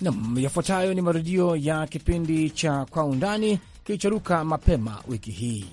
Nam, yafuatayo ni marudio ya kipindi cha Kwa Undani kilichoruka mapema wiki hii.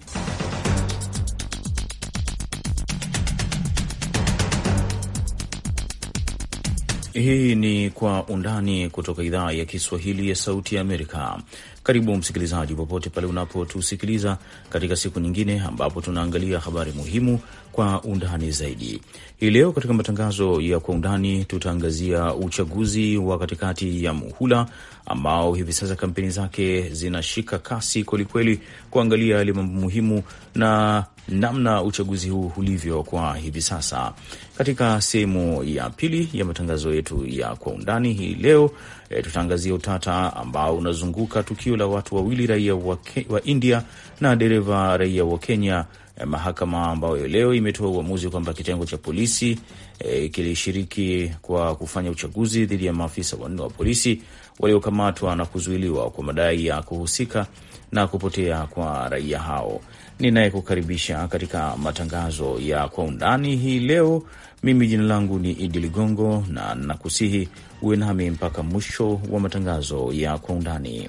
Hii ni Kwa Undani kutoka idhaa ya Kiswahili ya Sauti ya Amerika. Karibu msikilizaji, popote pale unapotusikiliza katika siku nyingine ambapo tunaangalia habari muhimu kwa undani zaidi. Hii leo katika matangazo ya kwa undani tutaangazia uchaguzi wa katikati ya muhula ambao hivi sasa kampeni zake zinashika kasi kwelikweli, kuangalia yale mambo muhimu na namna uchaguzi huu ulivyo kwa hivi sasa. Katika sehemu ya pili ya matangazo yetu ya kwa undani hii leo e, tutaangazia utata ambao unazunguka tukio tukio la watu wawili raia wa, wa India na dereva raia wa Kenya. Eh, mahakama ambayo leo imetoa uamuzi kwamba kitengo cha polisi e, kilishiriki kwa kufanya uchaguzi dhidi ya maafisa wanne wa polisi waliokamatwa na kuzuiliwa kwa madai ya kuhusika na kupotea kwa raia hao. Ninayekukaribisha katika matangazo ya kwa undani hii leo, mimi jina langu ni Idi Ligongo na nakusihi uwe nami mpaka mwisho wa matangazo ya kwa undani.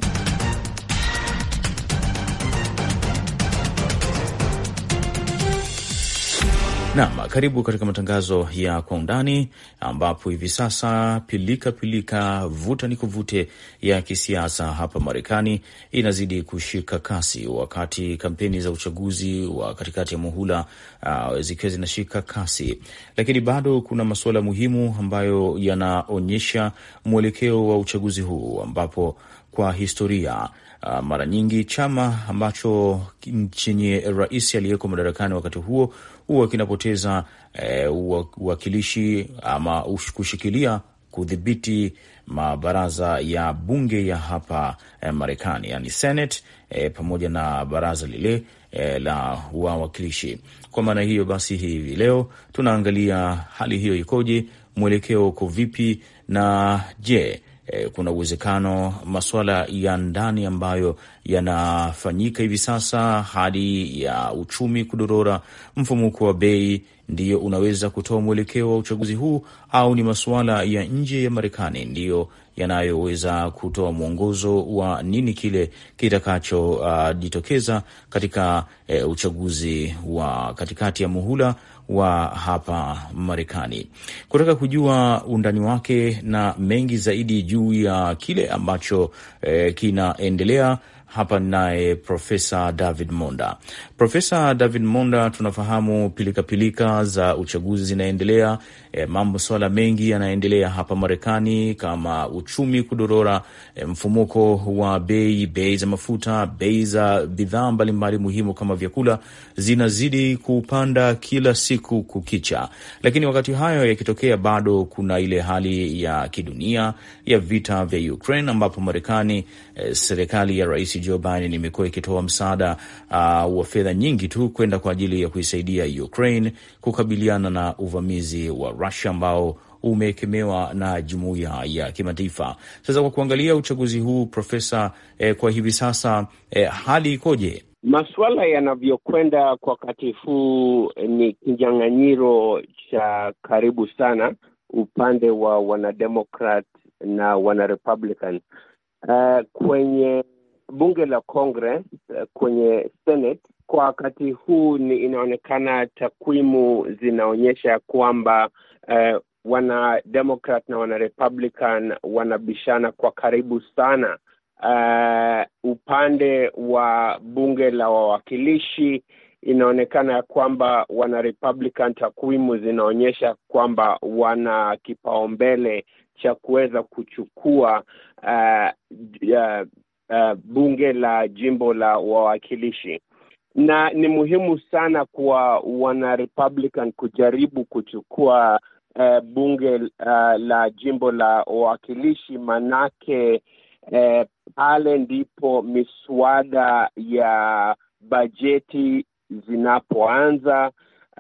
Naam, karibu katika matangazo ya kwa undani, ambapo hivi sasa pilika pilika, vuta ni kuvute ya kisiasa hapa Marekani inazidi kushika kasi, wakati kampeni za uchaguzi wa katikati ya muhula uh, zikiwa zinashika kasi, lakini bado kuna masuala muhimu ambayo yanaonyesha mwelekeo wa uchaguzi huu ambapo kwa historia. Uh, mara nyingi chama ambacho chenye rais aliyeko madarakani wakati huo huwa kinapoteza eh, uwakilishi ama kushikilia kudhibiti mabaraza ya bunge ya hapa eh, Marekani, yani Senate eh, pamoja na baraza lile eh, la wawakilishi. Kwa maana hiyo basi, hivi leo tunaangalia hali hiyo ikoje, mwelekeo uko vipi, na je e, kuna uwezekano masuala ya ndani ambayo yanafanyika hivi sasa, hali ya uchumi kudorora, mfumuko wa bei ndiyo unaweza kutoa mwelekeo wa uchaguzi huu, au ni masuala ya nje ya Marekani ndiyo yanayoweza kutoa mwongozo wa nini kile kitakachojitokeza uh, katika uh, uchaguzi wa katikati ya muhula wa hapa Marekani. Kutaka kujua undani wake na mengi zaidi juu ya kile ambacho eh, kinaendelea hapa, ninaye Profesa David Monda. Profesa David Monda, tunafahamu pilikapilika -pilika za uchaguzi zinaendelea e, mambo swala mengi yanaendelea hapa Marekani kama uchumi kudorora, e, mfumuko wa bei, bei za mafuta, bei za bidhaa mbalimbali muhimu kama vyakula zinazidi kupanda kila siku kukicha. Lakini wakati hayo yakitokea, bado kuna ile hali ya kidunia ya vita vya Ukraine ambapo Marekani e, serikali ya Rais Joe Biden imekuwa ikitoa msaada uh, wa fedha nyingi tu kwenda kwa ajili ya kuisaidia Ukraine kukabiliana na uvamizi wa Rusia ambao umeekemewa na jumuiya ya kimataifa. Sasa kwa kuangalia uchaguzi huu Profesa, eh, kwa hivi sasa eh, hali ikoje? Masuala yanavyokwenda kwa wakati huu eh, ni kinyang'anyiro cha karibu sana upande wa wanademokrat na wanarepublican. Uh, kwenye bunge la Congress, uh, kwenye Senate kwa wakati huu ni inaonekana takwimu zinaonyesha kwamba eh, wanademokrat na wanarepublican wanabishana kwa karibu sana eh, upande wa bunge la wawakilishi inaonekana ya kwamba wanarepublican takwimu zinaonyesha kwamba wana kipaumbele cha kuweza kuchukua uh, uh, uh, bunge la jimbo la wawakilishi na ni muhimu sana kwa wana Republican kujaribu kuchukua uh, bunge uh, la jimbo la wawakilishi manake eh, pale ndipo miswada ya bajeti zinapoanza.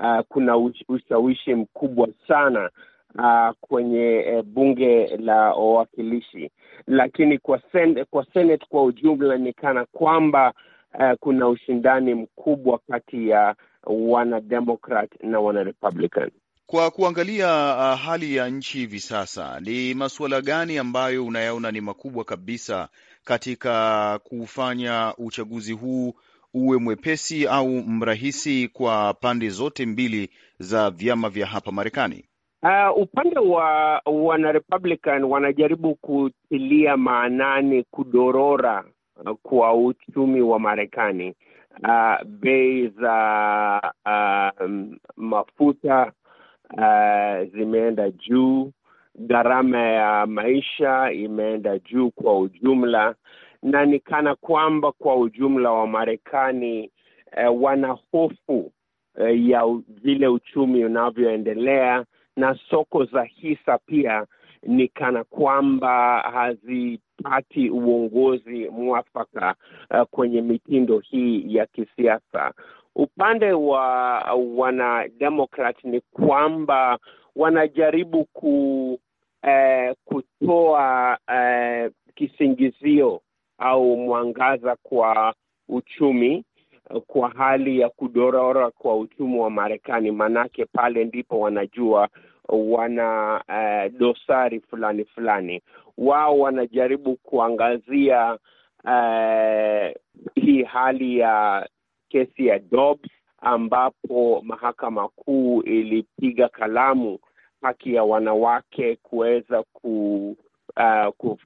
Uh, kuna ushawishi mkubwa sana uh, kwenye uh, bunge la wawakilishi, lakini kwa sen kwa Senate kwa ujumla ni kana kwamba uh, kuna ushindani mkubwa kati ya wanademokrat na wanarepublican. Kwa kuangalia uh, hali ya nchi hivi sasa, ni masuala gani ambayo unayaona ni makubwa kabisa katika kufanya uchaguzi huu uwe mwepesi au mrahisi kwa pande zote mbili za vyama vya hapa Marekani? Uh, upande wa wanarepublican wanajaribu kutilia maanani kudorora kwa uchumi wa Marekani. Uh, bei za uh, mafuta uh, zimeenda juu, gharama ya maisha imeenda juu kwa ujumla, na ni kana kwamba kwa ujumla wa Marekani uh, wana hofu uh, ya vile uchumi unavyoendelea na soko za hisa pia ni kana kwamba hazipati uongozi mwafaka uh, kwenye mitindo hii ya kisiasa. Upande wa wanademokrat ni kwamba wanajaribu ku eh, kutoa eh, kisingizio au mwangaza kwa uchumi kwa hali ya kudorora kwa uchumi wa Marekani, manake pale ndipo wanajua wana uh, dosari fulani fulani. Wao wanajaribu kuangazia uh, hii hali ya kesi ya Dobbs ambapo mahakama kuu ilipiga kalamu haki ya wanawake kuweza ku, uh,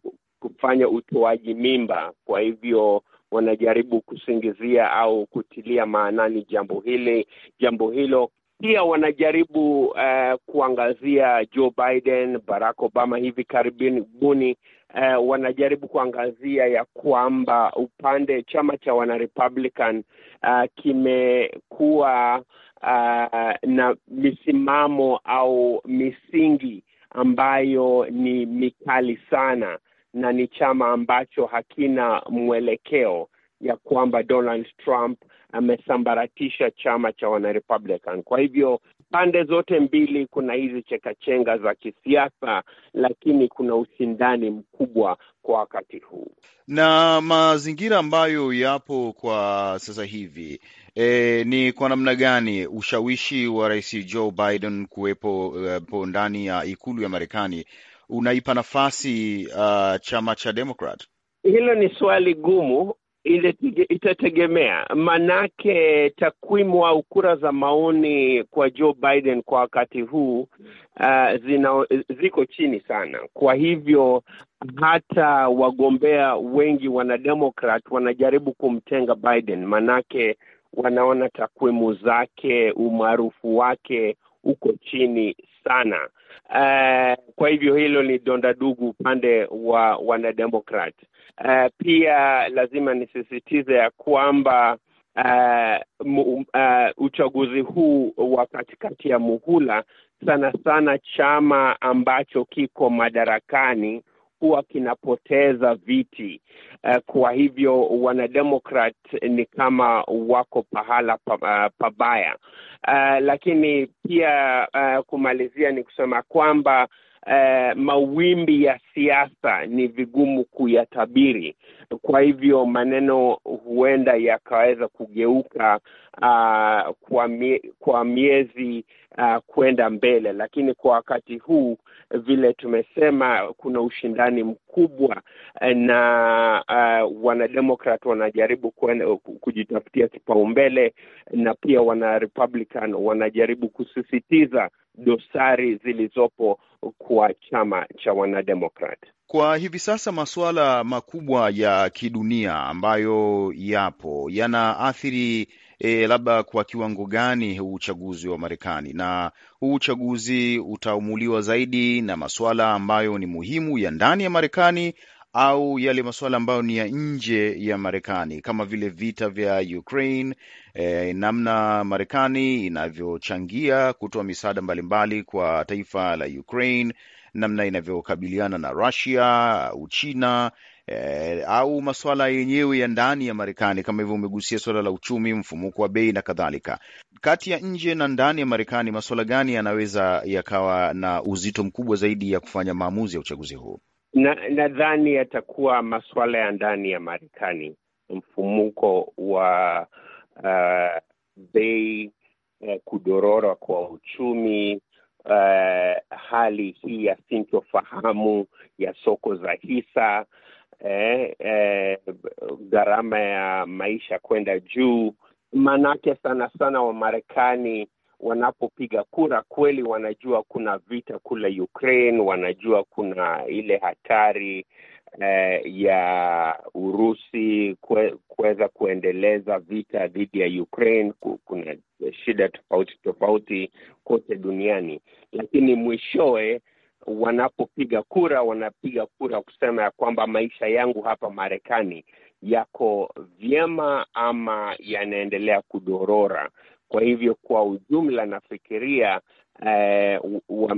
kufanya utoaji mimba. Kwa hivyo wanajaribu kusingizia au kutilia maanani jambo hili jambo hilo pia wanajaribu uh, kuangazia Joe Biden, Barack Obama hivi karibuni uh, wanajaribu kuangazia ya kwamba upande chama cha wanarepublican uh, eh, kimekuwa uh, na misimamo au misingi ambayo ni mikali sana na ni chama ambacho hakina mwelekeo ya kwamba Donald Trump amesambaratisha chama cha wanarepublican. Kwa hivyo pande zote mbili kuna hizi chekachenga za kisiasa, lakini kuna ushindani mkubwa kwa wakati huu na mazingira ambayo yapo kwa sasa hivi. E, ni kwa namna gani ushawishi wa rais Joe Biden kuwepo po e, ndani ya ikulu ya Marekani unaipa nafasi uh, chama cha Democrat? Hilo ni swali gumu, itategemea, manake takwimu au kura za maoni kwa Joe Biden kwa wakati huu uh, zina, ziko chini sana. Kwa hivyo hata wagombea wengi wanademokrat wanajaribu kumtenga Biden, manake wanaona takwimu zake, umaarufu wake uko chini sana Uh, kwa hivyo hilo ni donda dugu upande wa wanademokrat. Uh, pia lazima nisisitize ya kwamba uh, uh, uchaguzi huu wa katikati ya muhula sana sana chama ambacho kiko madarakani kilikuwa kinapoteza viti. Eh, kwa hivyo wanademokrat ni kama wako pahala eh, pabaya, eh, lakini pia kumalizia ni kusema kwamba eh, mawimbi ya siasa ni vigumu kuyatabiri. Kwa hivyo maneno huenda yakaweza kugeuka uh, kwa, mie, kwa miezi uh, kwenda mbele, lakini kwa wakati huu vile tumesema, kuna ushindani mkubwa eh, na uh, wanademokrat wanajaribu kujitafutia kipaumbele na pia wana wanajaribu kusisitiza dosari zilizopo kwa chama cha Wanademokrat. Kwa hivi sasa masuala makubwa ya kidunia ambayo yapo yanaathiri e, labda kwa kiwango gani huu uchaguzi wa Marekani, na huu uchaguzi utaumuliwa zaidi na masuala ambayo ni muhimu ya ndani ya Marekani au yale masuala ambayo ni ya nje ya Marekani kama vile vita vya Ukraine, eh, namna Marekani inavyochangia kutoa misaada mbalimbali kwa taifa la Ukraine, namna inavyokabiliana na Russia, Uchina eh, au masuala yenyewe ya ndani ya Marekani kama hivyo umegusia suala la uchumi, mfumuko wa bei na kadhalika. Kati ya nje na ndani ya Marekani, masuala gani yanaweza yakawa na uzito mkubwa zaidi ya kufanya maamuzi ya uchaguzi huu? Nadhani na yatakuwa masuala ya ndani ya Marekani, mfumuko wa uh, bei uh, kudorora kwa uchumi uh, hali hii ya sintofahamu ya soko za hisa eh, eh, gharama ya maisha kwenda juu, maanake sana sana wa marekani wanapopiga kura kweli wanajua kuna vita kule Ukraine, wanajua kuna ile hatari eh, ya Urusi kuweza kuendeleza vita dhidi ya Ukraine. Kuna shida tofauti tofauti kote duniani, lakini mwishowe wanapopiga kura wanapiga kura kusema ya kwamba maisha yangu hapa Marekani yako vyema ama yanaendelea kudorora. Kwa hivyo kwa ujumla, nafikiria eh,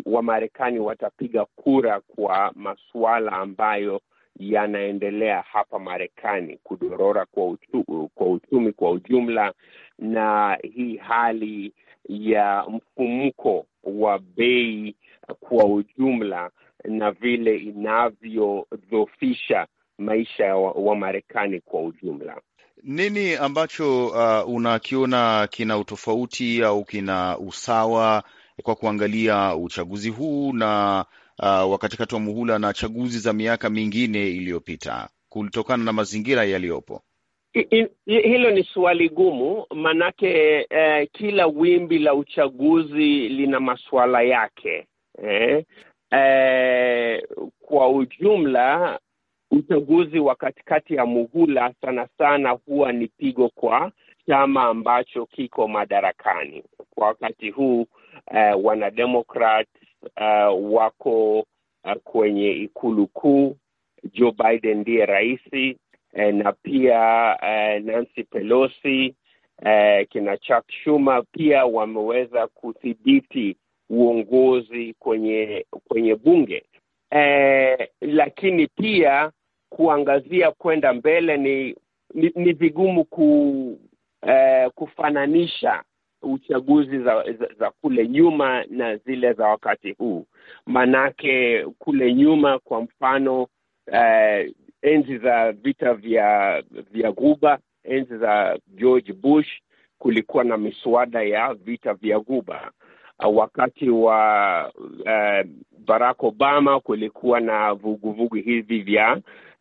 Wamarekani wa watapiga kura kwa masuala ambayo yanaendelea hapa Marekani, kudorora kwa, uchu, kwa uchumi kwa ujumla, na hii hali ya mfumuko wa bei kwa ujumla, na vile inavyodhofisha maisha ya wa, Wamarekani kwa ujumla. Nini ambacho uh, unakiona kina utofauti au kina usawa kwa kuangalia uchaguzi huu na uh, wakati wa muhula na chaguzi za miaka mingine iliyopita kutokana na mazingira yaliyopo? Hilo ni swali gumu, manake eh, kila wimbi la uchaguzi lina masuala yake eh? Eh, kwa ujumla uchaguzi wa katikati ya muhula sana sana huwa ni pigo kwa chama ambacho kiko madarakani kwa wakati huu. Uh, wanademokrat uh, wako uh, kwenye ikulu kuu. Joe Biden ndiye raisi uh, na pia uh, Nancy Pelosi uh, kina Chuck shuma pia wameweza kudhibiti uongozi kwenye kwenye bunge uh, lakini pia kuangazia kwenda mbele ni ni, ni vigumu ku eh, kufananisha uchaguzi za, za, za kule nyuma na zile za wakati huu manake kule nyuma kwa mfano eh, enzi za vita vya vya guba enzi za george bush kulikuwa na miswada ya vita vya guba wakati wa eh, barack obama kulikuwa na vuguvugu hivi vya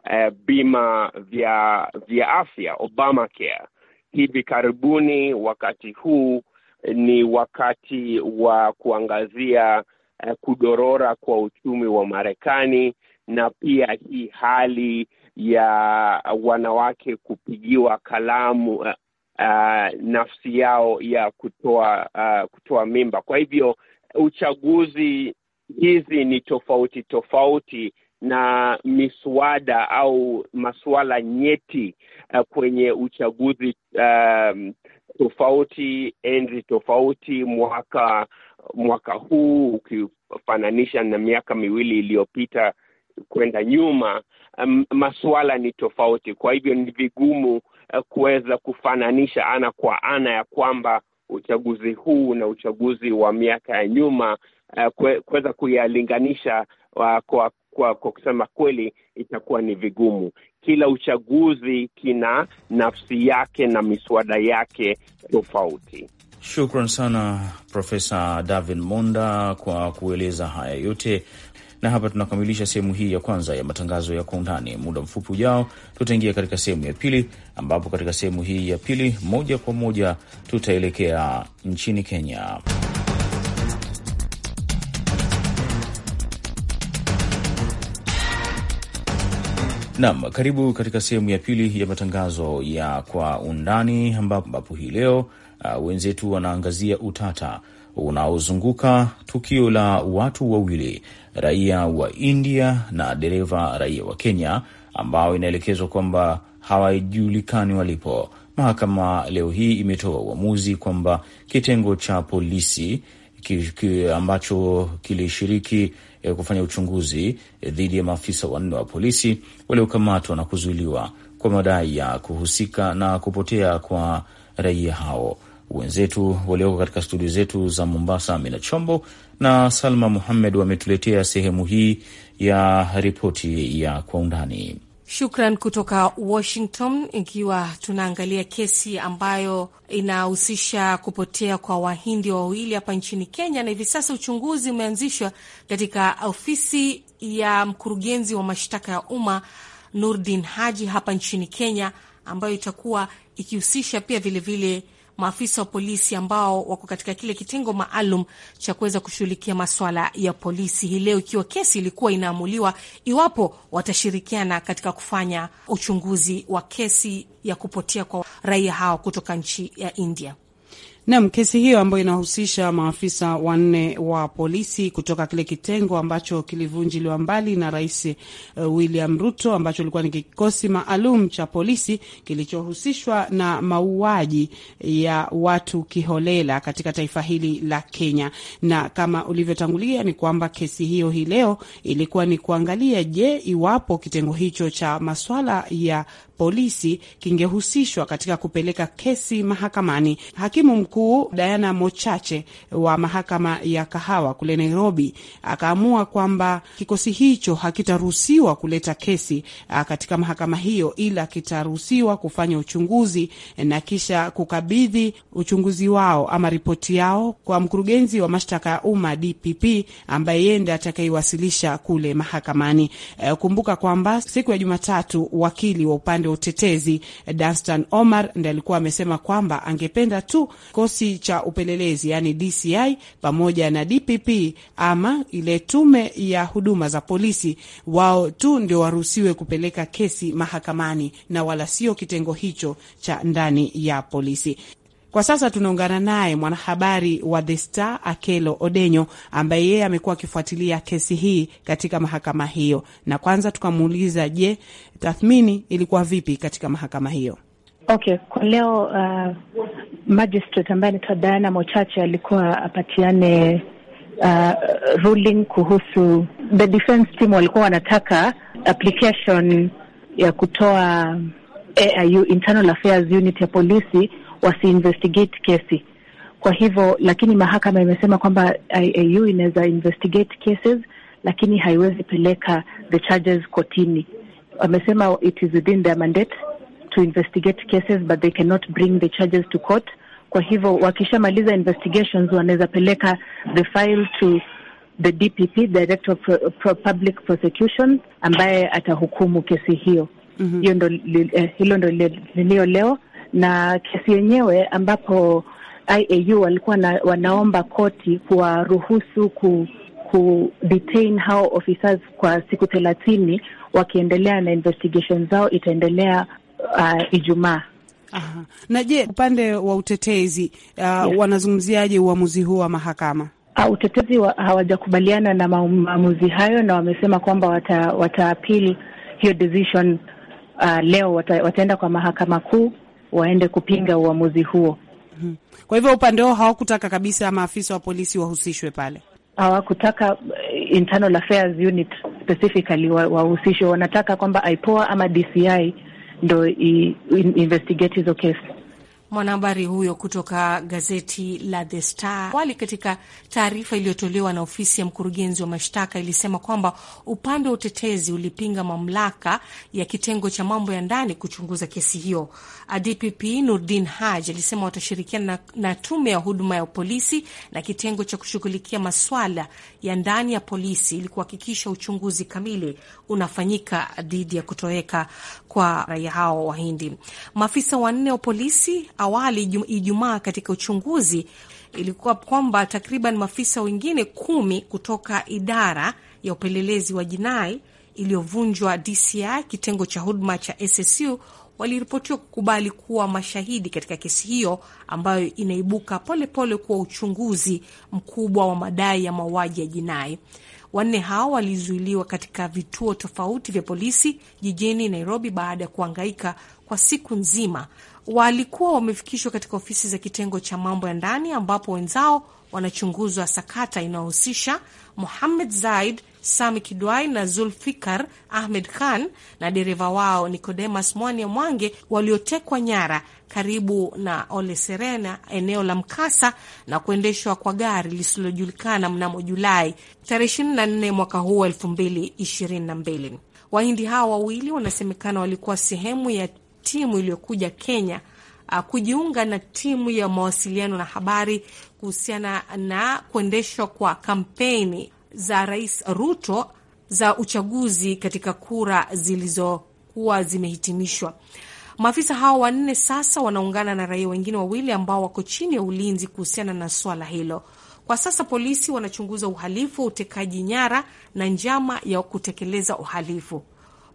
eh, bima vya vya afya Obamacare hivi karibuni. Wakati huu eh, ni wakati wa kuangazia eh, kudorora kwa uchumi wa Marekani na pia hii hali ya wanawake kupigiwa kalamu uh, uh, nafsi yao ya kutoa uh, kutoa mimba. Kwa hivyo uchaguzi hizi ni tofauti tofauti na miswada au masuala nyeti uh, kwenye uchaguzi um, tofauti enzi tofauti mwaka mwaka huu ukifananisha na miaka miwili iliyopita kwenda nyuma um, masuala ni tofauti kwa hivyo ni vigumu uh, kuweza kufananisha ana kwa ana ya kwamba uchaguzi huu na uchaguzi wa miaka ya nyuma uh, kuweza kuyalinganisha uh, kwa kwa, kwa kusema kweli itakuwa ni vigumu. Kila uchaguzi kina nafsi yake na miswada yake tofauti. Shukran sana Profesa davi Monda kwa kueleza haya yote, na hapa tunakamilisha sehemu hii ya kwanza ya matangazo ya kwa undani. Muda mfupi ujao, tutaingia katika sehemu ya pili, ambapo katika sehemu hii ya pili, moja kwa moja tutaelekea nchini Kenya. Naam, karibu katika sehemu ya pili ya matangazo ya kwa undani, ambapo hii leo uh, wenzetu wanaangazia utata unaozunguka tukio la watu wawili, raia wa India na dereva raia wa Kenya, ambao inaelekezwa kwamba hawajulikani walipo. Mahakama leo hii imetoa uamuzi kwamba kitengo cha polisi ki, ki ambacho kilishiriki ya e, kufanya uchunguzi e, dhidi ya maafisa wanne wa polisi waliokamatwa na kuzuiliwa kwa madai ya kuhusika na kupotea kwa raia hao. Wenzetu walioko katika studio zetu za Mombasa, Amina Chombo na Salma Muhammed wametuletea sehemu hii ya ripoti ya Kwa Undani. Shukran kutoka Washington. Ikiwa tunaangalia kesi ambayo inahusisha kupotea kwa wahindi wawili hapa nchini Kenya, na hivi sasa uchunguzi umeanzishwa katika ofisi ya mkurugenzi wa mashtaka ya umma Nurdin Haji hapa nchini Kenya, ambayo itakuwa ikihusisha pia vilevile vile maafisa wa polisi ambao wako katika kile kitengo maalum cha kuweza kushughulikia maswala ya polisi hii leo, ikiwa kesi ilikuwa inaamuliwa iwapo watashirikiana katika kufanya uchunguzi wa kesi ya kupotea kwa raia hao kutoka nchi ya India. Nam, kesi hiyo ambayo inahusisha maafisa wanne wa polisi kutoka kile kitengo ambacho kilivunjiliwa mbali na Rais uh, William Ruto ambacho ilikuwa ni kikosi maalum cha polisi kilichohusishwa na mauaji ya watu kiholela katika taifa hili la Kenya. Na kama ulivyotangulia ni kwamba kesi hiyo hii leo ilikuwa ni kuangalia, je, iwapo kitengo hicho cha masuala ya polisi kingehusishwa katika kupeleka kesi mahakamani. Hakimu mkuu Diana Mochache wa mahakama ya Kahawa kule Nairobi akaamua kwamba kikosi hicho hakitaruhusiwa kuleta kesi ah, katika mahakama hiyo, ila kitaruhusiwa kufanya uchunguzi eh, na kisha kukabidhi uchunguzi wao ama ripoti yao kwa mkurugenzi wa mashtaka ya umma DPP, ambaye yeye ndiye atakayewasilisha kule mahakamani. Eh, kumbuka kwamba siku ya Jumatatu wakili wa upande wa utetezi Dastan Omar ndiye alikuwa amesema kwamba angependa tu kikosi cha upelelezi yani DCI pamoja na DPP ama ile tume ya huduma za polisi, wao tu ndio waruhusiwe kupeleka kesi mahakamani na wala sio kitengo hicho cha ndani ya polisi. Kwa sasa tunaungana naye mwanahabari wa The Star Akelo Odenyo, ambaye yeye amekuwa akifuatilia kesi hii katika mahakama hiyo, na kwanza tukamuuliza, je, tathmini ilikuwa vipi katika mahakama hiyo? Okay, kwa leo uh, magistrate ambaye anaitwa Diana Mochache alikuwa apatiane uh, ruling kuhusu the defense team walikuwa wanataka application ya kutoa AIU, Internal Affairs Unit ya polisi wasiinvestigate kesi. Kwa hivyo, lakini mahakama imesema kwamba IAU inaweza investigate cases, lakini haiwezi peleka the charges kotini. Wamesema it is within their mandate to investigate cases but they cannot bring the charges to court. Kwa hivyo wakishamaliza investigations wanaweza peleka the file to the DPP, Director of Pro Public Prosecution, ambaye atahukumu kesi hiyo. Mm -hmm. Hiyo ndo, eh, hilo ndo liliyo leo na kesi yenyewe ambapo IAU walikuwa na, wanaomba koti kuwaruhusu ku, ku detain hao officers kwa siku thelathini wakiendelea na investigation zao itaendelea uh, Ijumaa. Aha. Na je, upande wa utetezi uh, yes, wanazungumziaje uamuzi huu wa mahakama? Uh, utetezi hawajakubaliana na maamuzi hayo na wamesema kwamba wataapili wata hiyo decision uh, leo wata, wataenda kwa mahakama kuu waende kupinga uamuzi huo. Mhm. Kwa hivyo upande wao hawakutaka kabisa maafisa wa polisi wahusishwe pale, hawakutaka eh, internal affairs unit specifically wahusishwe, wanataka kwamba IPOA ama DCI ndo investigate hizo kesi mwanahabari huyo kutoka gazeti la The Star. Awali, katika taarifa iliyotolewa na ofisi ya mkurugenzi wa mashtaka ilisema kwamba upande wa utetezi ulipinga mamlaka ya kitengo cha mambo ya ndani kuchunguza kesi hiyo. DPP Nurdin Haj alisema watashirikiana na, na tume ya huduma ya polisi na kitengo cha kushughulikia maswala ya ndani ya polisi ili kuhakikisha uchunguzi kamili unafanyika dhidi ya kutoweka kwa raia hao Wahindi. Maafisa wanne wa polisi awali Ijumaa katika uchunguzi ilikuwa kwamba takriban maafisa wengine kumi kutoka idara ya upelelezi wa jinai iliyovunjwa DCI kitengo cha huduma cha SSU waliripotiwa kukubali kuwa mashahidi katika kesi hiyo ambayo inaibuka polepole pole kuwa uchunguzi mkubwa wa madai ya mauaji ya jinai. Wanne hao walizuiliwa katika vituo tofauti vya polisi jijini Nairobi baada ya kuangaika kwa siku nzima walikuwa wamefikishwa katika ofisi za kitengo cha mambo ya ndani ambapo wenzao wanachunguzwa sakata inayohusisha Muhamed Zaid, Sami Kidwai na Zulfikar Ahmed Khan na dereva wao nikodemas Mwania Mwange waliotekwa nyara karibu na Ole Serena eneo la mkasa na kuendeshwa kwa gari lisilojulikana mnamo Julai tarehe 24 mwaka huu 2022. Wahindi hao wawili wanasemekana walikuwa sehemu ya timu iliyokuja Kenya uh, kujiunga na timu ya mawasiliano na habari kuhusiana na kuendeshwa kwa kampeni za Rais Ruto za uchaguzi katika kura zilizokuwa zimehitimishwa. Maafisa hao wanne sasa wanaungana na raia wengine wawili ambao wako chini ya ulinzi kuhusiana na swala hilo. Kwa sasa polisi wanachunguza uhalifu, utekaji nyara na njama ya kutekeleza uhalifu.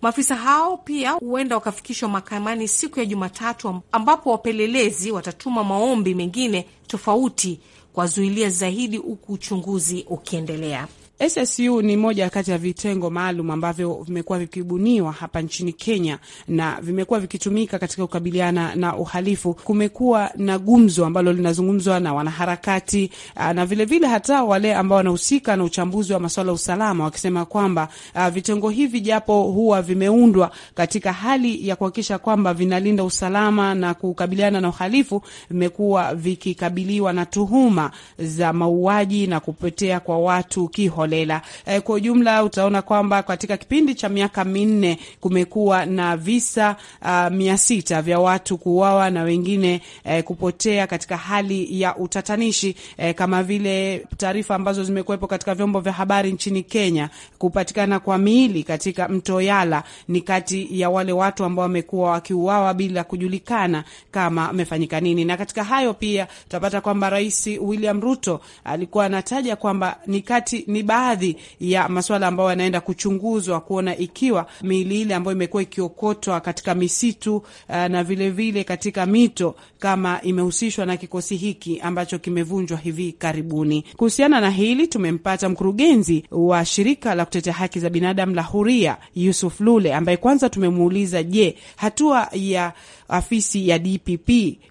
Maafisa hao pia huenda wakafikishwa mahakamani siku ya Jumatatu, ambapo wapelelezi watatuma maombi mengine tofauti kwa zuilia zaidi, huku uchunguzi ukiendelea. SSU ni moja kati ya vitengo maalum ambavyo vimekuwa vikibuniwa hapa nchini Kenya na vimekuwa vikitumika katika kukabiliana na uhalifu. Kumekuwa na gumzo ambalo linazungumzwa na wanaharakati ah, na vilevile vile hata wale ambao wanahusika na uchambuzi wa masuala ya usalama, wakisema kwamba ah, vitengo hivi japo huwa vimeundwa katika hali ya kuhakikisha kwamba vinalinda usalama na kukabiliana na uhalifu, vimekuwa vikikabiliwa na tuhuma za mauaji na kupotea kwa watu kiho kiholela. E, eh, kwa ujumla utaona kwamba katika kipindi cha miaka minne kumekuwa na visa uh, mia sita vya watu kuuawa na wengine eh, kupotea katika hali ya utatanishi eh, kama vile taarifa ambazo zimekuwepo katika vyombo vya habari nchini Kenya, kupatikana kwa miili katika mto Yala ni kati ya wale watu ambao wamekuwa wakiuawa bila kujulikana kama amefanyika nini. Na katika hayo pia tutapata kwamba Rais William Ruto alikuwa anataja kwamba ni kati ni ba baadhi ya masuala ambayo yanaenda kuchunguzwa kuona ikiwa miili ile ambayo imekuwa ikiokotwa katika misitu eh, na vilevile vile katika mito kama imehusishwa na kikosi hiki ambacho kimevunjwa hivi karibuni. Kuhusiana na hili, tumempata mkurugenzi wa shirika la kutetea haki za binadamu la Huria, Yusuf Lule, ambaye kwanza tumemuuliza, je, hatua ya afisi ya DPP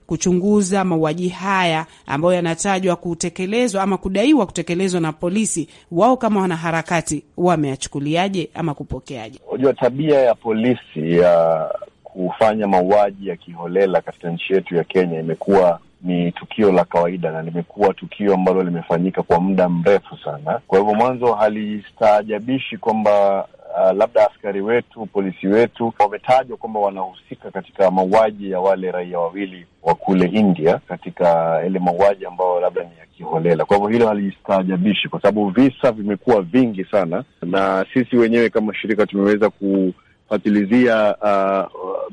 kuchunguza mauaji haya ambayo yanatajwa kutekelezwa ama kudaiwa kutekelezwa na polisi, wao kama wanaharakati wameachukuliaje ama kupokeaje? Unajua, tabia ya polisi ya kufanya mauaji ya kiholela katika nchi yetu ya Kenya imekuwa ni tukio la kawaida na limekuwa tukio ambalo limefanyika kwa muda mrefu sana. Kwa hivyo mwanzo, halistajabishi kwamba uh, labda askari wetu, polisi wetu wametajwa kwamba wanahusika katika mauaji ya wale raia wawili wa kule India katika yale mauaji ambayo labda ni ya kiholela. Kwa hivyo hilo halistaajabishi kwa sababu visa vimekuwa vingi sana, na sisi wenyewe kama shirika tumeweza kufatilizia uh, ah,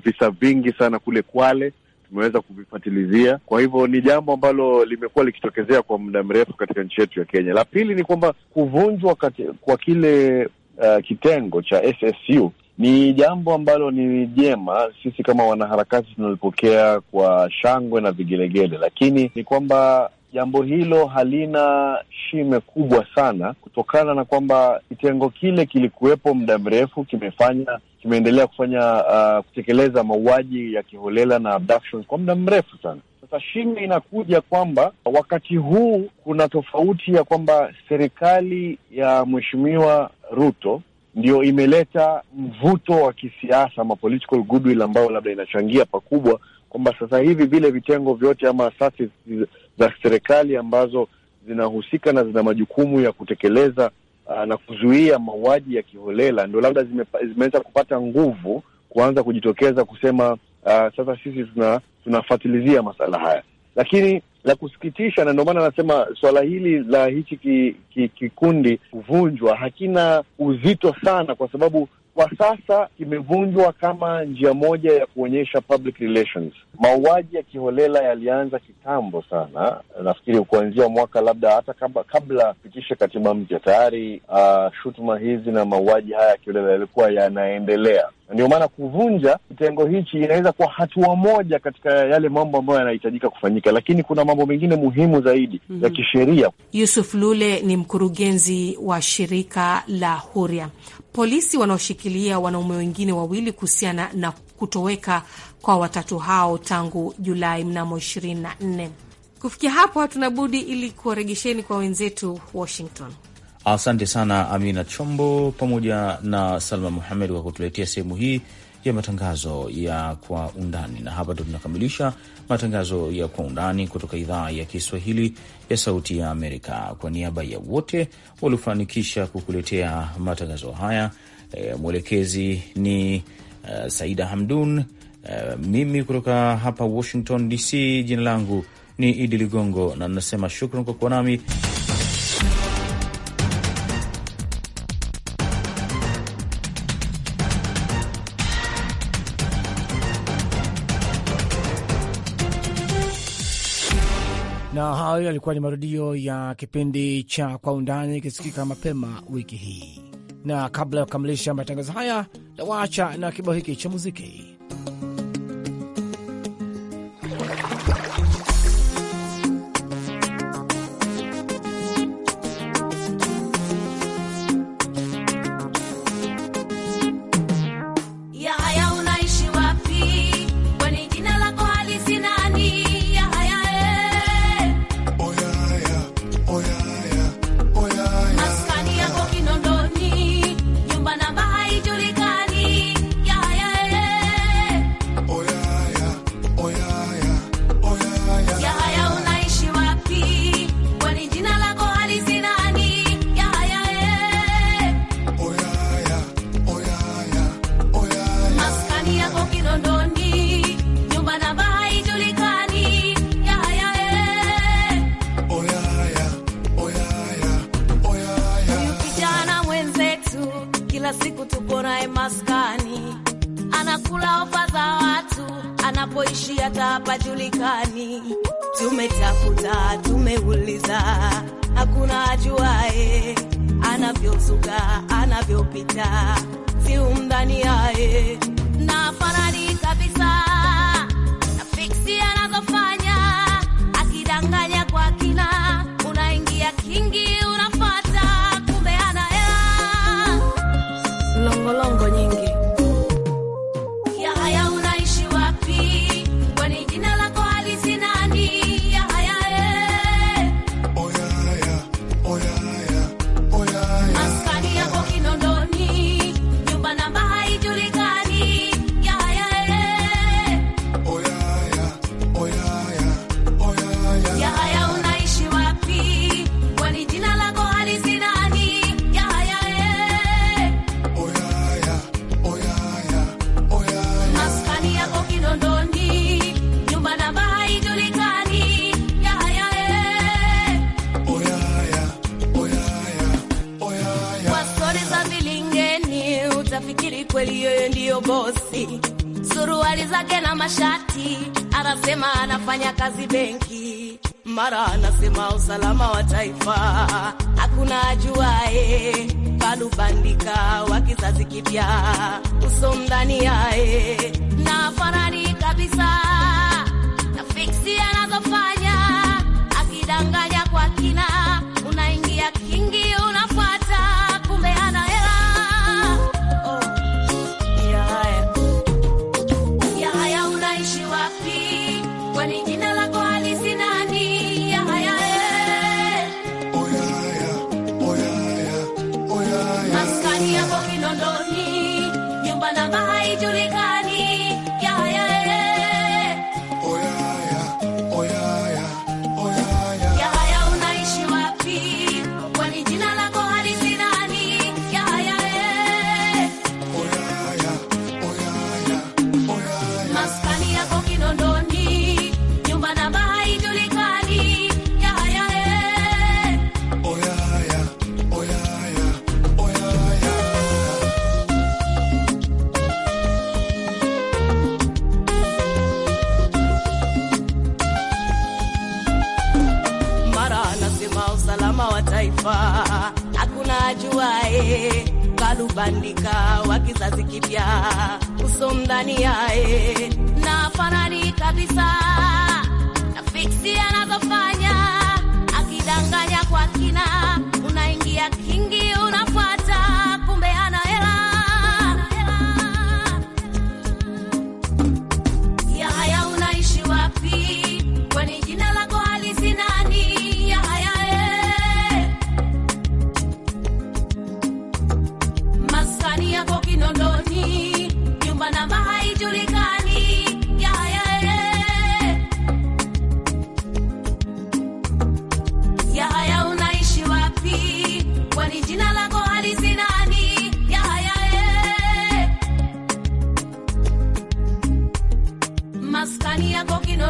visa vingi sana kule Kwale tumeweza kuvifatilizia. Kwa hivyo ni jambo ambalo limekuwa likitokezea kwa muda mrefu katika nchi yetu ya Kenya. La pili ni kwamba kuvunjwa kwa kile uh, kitengo cha SSU ni jambo ambalo ni jema. Sisi kama wanaharakati tunalipokea kwa shangwe na vigelegele, lakini ni kwamba jambo hilo halina shime kubwa sana, kutokana na kwamba kitengo kile kilikuwepo muda mrefu, kimefanya kimeendelea kufanya uh, kutekeleza mauaji ya kiholela na abductions kwa muda mrefu sana. Sasa shime inakuja kwamba wakati huu kuna tofauti ya kwamba serikali ya mheshimiwa Ruto ndio imeleta mvuto wa kisiasa ama political goodwill ambayo labda inachangia pakubwa kwamba sasa hivi vile vitengo vyote ama asasi za serikali ambazo zinahusika na zina majukumu ya kutekeleza uh, na kuzuia mauaji ya kiholela ndio labda zimeweza kupata nguvu kuanza kujitokeza kusema uh, sasa sisi tuna tunafatilizia masala haya, lakini la kusikitisha, na ndio maana anasema swala hili la hichi kikundi ki, ki kuvunjwa hakina uzito sana, kwa sababu kwa sasa kimevunjwa kama njia moja ya kuonyesha public relations. Mauaji ya kiholela yalianza kitambo sana, nafikiri kuanzia mwaka labda hata kabla, kabla pitishe katiba mpya tayari. Uh, shutuma hizi na mauaji haya ya kiholela yalikuwa yanaendelea. Ndio maana kuvunja kitengo hichi inaweza kuwa hatua moja katika yale mambo ambayo yanahitajika kufanyika, lakini kuna mambo mengine muhimu zaidi mm -hmm. ya mhm. kisheria. Yusuf Lule ni mkurugenzi wa shirika la Huria polisi wanaoshikilia wanaume wengine wawili kuhusiana na kutoweka kwa watatu hao tangu Julai mnamo 24. Kufikia hapo hatuna budi ili kuwaregesheni kwa wenzetu Washington. Asante sana Amina Chombo pamoja na Salma Muhamed kwa kutuletea sehemu hii ya matangazo ya Kwa Undani, na hapa ndo tunakamilisha matangazo ya Kwa Undani kutoka idhaa ya Kiswahili ya Sauti ya Amerika. Kwa niaba ya wote waliofanikisha kukuletea matangazo haya, e, mwelekezi ni uh, Saida Hamdun. Uh, mimi kutoka hapa Washington DC, jina langu ni Idi Ligongo na nasema shukran kwa kuwa nami. hayo yalikuwa ni marudio ya kipindi cha Kwa Undani ikisikika mapema wiki hii, na kabla ya kukamilisha matangazo haya, nawaacha na kibao hiki cha muziki. hapajulikani. Tumetafuta, tumeuliza, hakuna ajuae anavyozuka, anavyopita, si umdhani yaye na fanani kabisa na fiksi anazofanya usalama wa taifa, hakuna ajuae, balubandika wa kizazi kipya, yae taifa, hakuna ajuae kalubandika wa kizazi kipya kusomdhani yae na fanani kabisa na fiksi anazofanya akidanganya kwake